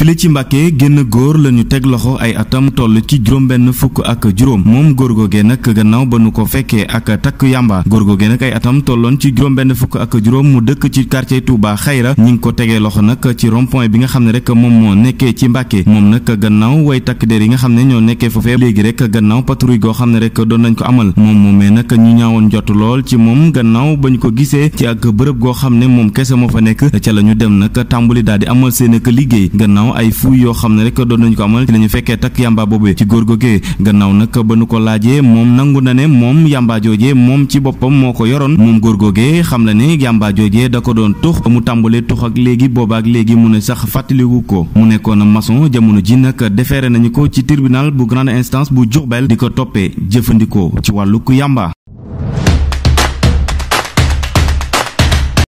file ci Mbàkke génn góor la ñu teg loxo ay atam toll ci juróom-benn fukk ak juróom moom góor googee nag gannaaw ba nu ko fekkee ak takk yàmba góor googee nag ay atam tolloon ci juróom-benn fukk ak juróom mu dëkk ci quartier Touba Xayra ñi ngi ko tegee loxo nag ci rond-point bi nga xam ne rek moom moo nekkee ci Mbàkke moom nag gannaaw woy takk der yi nga xam ne ñoo nekkee foofee léegi rek gannaaw patrouille goo xam ne rek doon nañ ko amal moom moomee nag ñaawoon jot ci moom gannaaw ba ñu ko gisee ci ak bërëb goo xam ne moom kese moo fa nekk ca la ñu dem nag tàmbali daal di amal seen ak liggéey ginnaaw ay fouille yoo xam ne rek doon nañu ko amal ci la ñu fekkee takk yàmba boobee ci góor googee gannaaw nag ba nu ko laajee moom nangu na ne moom yàmba joojee moom ci boppam moo ko yoroon moom góor googee xam la ne yàmba joojee da ko doon tux mu tàmbalee tux ak léegi boobaak léegi mu ne sax fàttaliwu ko mu nekkoon mason jamono ji nag defeere nañu ko ci tribunal bu grande instance bu Diourbel di ko toppee jëfandikoo ci wàllu ku yàmba